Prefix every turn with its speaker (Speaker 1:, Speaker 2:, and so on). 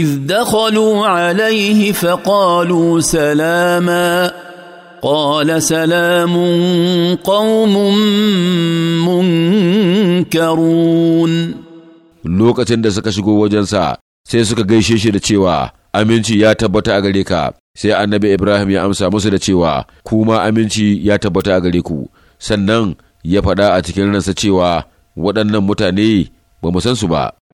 Speaker 1: اذ دخلوا عليه فقالوا سلاما
Speaker 2: قال سلام قوم
Speaker 3: منكرون lokacin da suka shigo wajensa sai suka gaishe shi da cewa aminci ya tabbata a gare ka sai annabi ibrahim ya amsa musu da cewa kuma aminci ya tabbata a gare ku sannan ya faɗa a cikin ransa cewa waɗannan mutane ba mu san su ba